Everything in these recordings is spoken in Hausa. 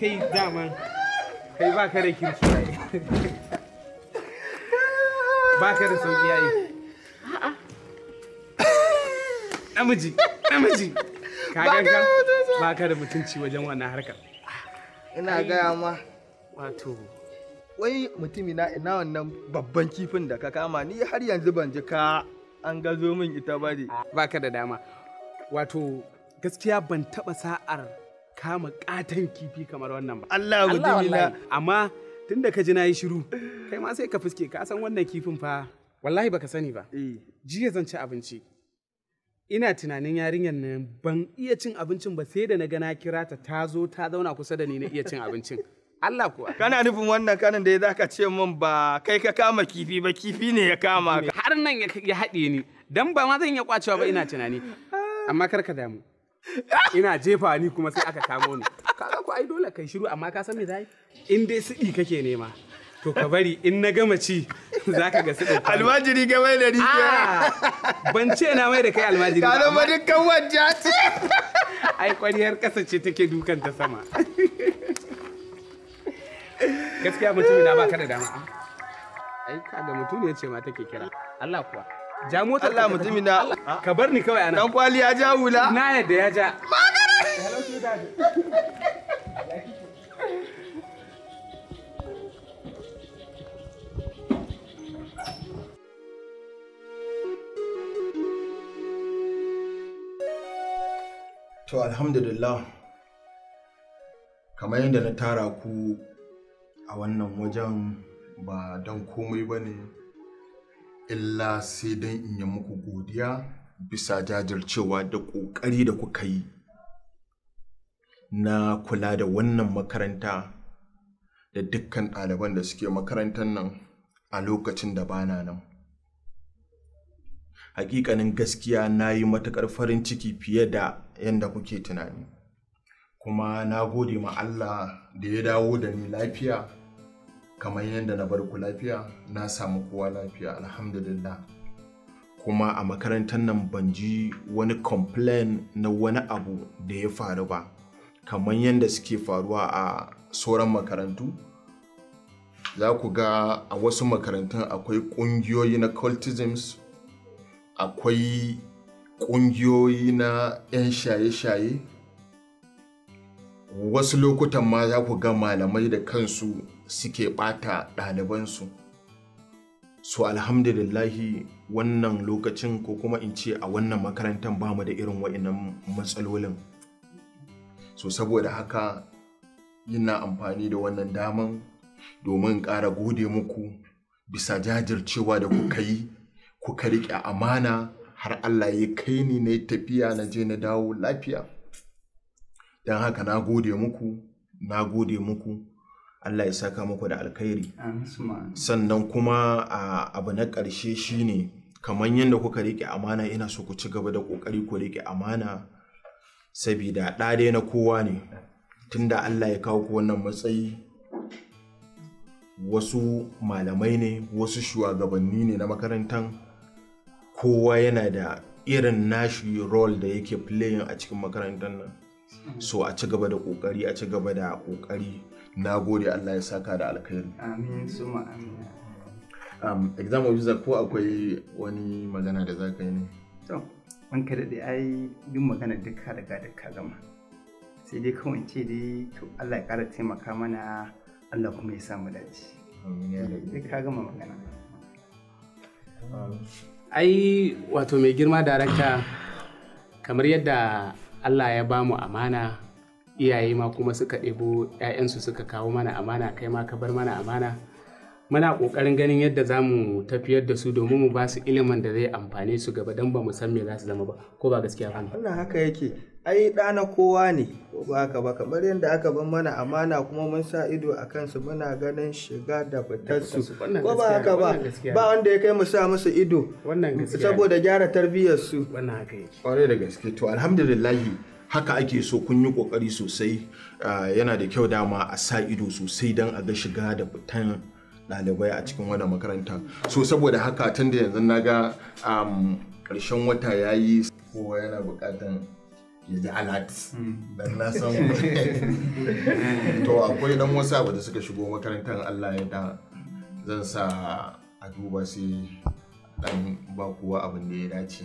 kai daman kai ba ka da kirki ai ba ka da sauki ai namiji namiji ka ganka ba ka da mutunci wajen wannan harkar ina gaya ma wato wai mutumi na ina wannan babban kifin da ka kama ni har yanzu ban ji ka an gazo min ita ba Ba ka da dama. Wato gaskiya ban taɓa sa'ar kama katon kifi kamar wannan ba. Allah gudumila amma tun da ka ji na yi shiru kai ma sai ka fuske ka san wannan kifin fa wallahi baka sani ba. Eh. Jiya zan ci abinci. Ina tunanin yarinyar nan ban iya cin abincin ba sai da na ga na kira ta ta zo ta zauna kusa da ni na iya cin abincin. Allah kuwa. Kana nufin wannan kanin da ya zaka ce min ba kai ka kama kifi ba kifi ne ya kama ka. Har nan ya haɗe ni dan ba ma zan iya kwacewa ba ina tunani. Amma kar ka damu. ina jefa ni kuma sai aka kamo ni kaga ko ai dole kai shiru amma ka san me zai in dai sidi kake nema to ka bari in na gama ci zaka ga sidi almajiri ga mai da rijiya ah! ban ce na mai da kai almajiri ka zama dukkan wajja ce ai kwariyar kasa ce take dukan ta sama gaskiya mutum na ka da dama ai kaga mutum ne ce ma take kira Allah kuwa ja motar Allah mutumi na ka bar ni kawai anan dan kwali ya ja hula na yadda ya ja To alhamdulillah kamar yadda na tara ku a wannan wajen ba dan komai ba ne illa sai dan in yi muku godiya bisa jajircewa da ƙoƙari da kuka yi na kula da wannan makaranta da dukkan ɗaliban da suke makarantar nan a lokacin da bana nan hakikanin gaskiya na yi matuƙar farin ciki fiye da yadda kuke tunani kuma na gode ma Allah da ya dawo da ni lafiya kamar yadda na bar ku lafiya na samu kowa lafiya alhamdulillah kuma a makarantar nan ban ji wani complain na wani abu da ya faru ba kamar yadda suke faruwa a sauran makarantu za ku ga a wasu makarantun akwai ƙungiyoyi na cultisms akwai ƙungiyoyi na 'yan shaye-shaye wasu lokutan ma za ku ga malamai da kansu suke ɓata ɗalibansu su alhamdulillahi wannan lokacin ko kuma in ce a wannan makarantar ba mu da irin wa'inan matsalolin so saboda haka yana amfani da wannan daman domin ƙara gode muku bisa jajircewa da kuka yi kuka riƙe amana har Allah ya kai ni na tafiya na je na dawo lafiya don haka na gode muku na gode muku Allah ya saka muku da alkhairi sannan kuma abu na ƙarshe shine kamar yadda kuka riƙe amana ina so ku ci gaba da ƙoƙari ku riƙe amana sabida ɗa na kowa ne tunda Allah ya kawo ku wannan matsayi wasu malamai ne wasu shugabanni ne na makarantar kowa yana da irin nashi rol da yake playing a cikin makarantar nan so a ci gaba da ƙoƙari a ci gaba da ƙoƙari. na gode Allah ya saka da alkhairi amin suma amin um exam officer ko akwai wani magana da za ka yi ne to an kada da ai duk magana duka daga duka gama sai dai kawai ce dai to Allah ya kara taimaka mana Allah kuma ya samu dace amin ka gama magana ai wato mai girma darakta kamar yadda Allah ya bamu amana iyaye ma kuma suka ɗebo 'ya'yansu suka kawo mana amana kai ma ka bar mana amana muna ƙoƙarin ganin yadda za mu tafiyar da su domin mu ba su ilimin da zai amfane su gaba don ba mu san me za su zama ba ko ba gaskiya ba wannan haka yake ai ɗa na kowa ne ko ba haka ba kamar yadda aka ban mana amana kuma mun sa ido a kansu muna ganin shiga da fitar su ko ba haka ba ba wanda ya kai mu sa musu ido saboda gyara tarbiyyar su wannan haka yake kwarai da gaske to alhamdulillah haka ake so kun yi kokari sosai yana da kyau dama a sa ido sosai don a ga shiga da fitan ɗalibai a cikin wannan makaranta so saboda haka tun da yanzu na ga ƙarshen wata ya yi kowa yana buƙatar ya ji alat hmm. don na san to akwai dan wasu abu da suka shigo makarantar allah ya da zan sa a duba sai dan ba kowa abin da ya dace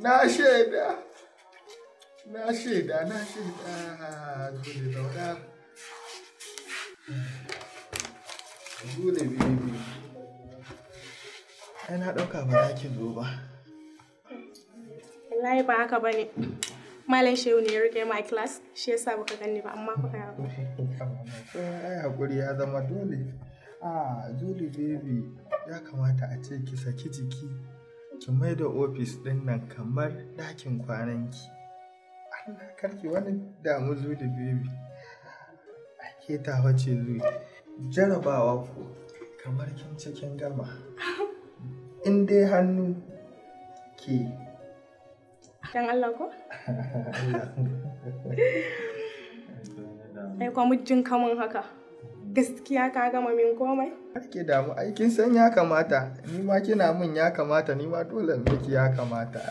na shaida na shaida na shaida dole dauda dole bibi ai na ɗauka ba za zo ba wallahi ba haka bane malam shehu ne ya rike ma class shi yasa baka ganni ba amma kuka yabo ai hakuri ya zama dole ah dole bibi ya kamata a ce ki saki jiki ki mai da ofis ɗin nan kamar ɗakin kwananki Allah karki wani damu da baby ake ta wace zuli jarabawa ko kamar kin cikin gama in dai hannu ke dan Allah ko? Allah. Ai kwa mujin kamun haka. gaskiya ka gama min komai ake damu aikin san ya kamata ni ma kina min ya kamata ni ma dole miki ya kamata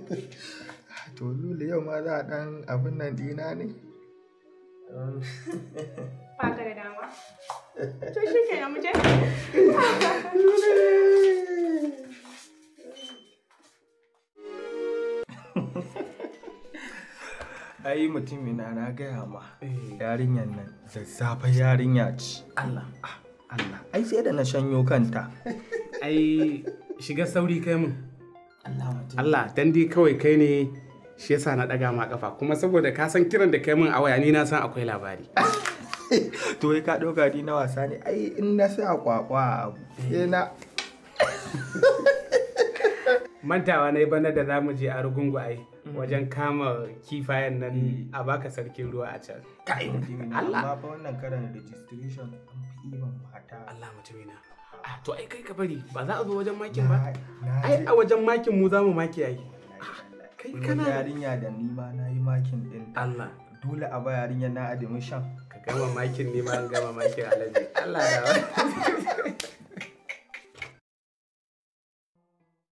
to lule yau ma za a dan abin nan dina ne da dama to shi ke mu je Ha ai mutum ina na gaya ma eh. yarinyar nan zazzafa yarinya ce Allah ah, Allah ai sai da na shanyo kanta ai shiga sauri kai mun Allah dan dai kawai kai ne shi yasa na daga ma kafa kuma saboda ka san kiran da kai mun a waya ni na san akwai labari to ka doka ni na wasa ne ai in na sa kwakwa sai na eh. mantawa na yi bana da zamu je a rugungu ai wajen mm. kama kifayen nan eh. a baka sarkin ruwa a can kai Allah ba wannan karan registration an fi iban mata Allah mutumina ah. Ah, to ai kai ka bari ba za a zo wajen makin ba ai a wajen makin mu za mu maki yayi ah, kai kana yarinya da ni ma na yi makin din Allah dole a ba yarinya na adamin shan ka gama makin ne ma an gama makin alaji Allah ya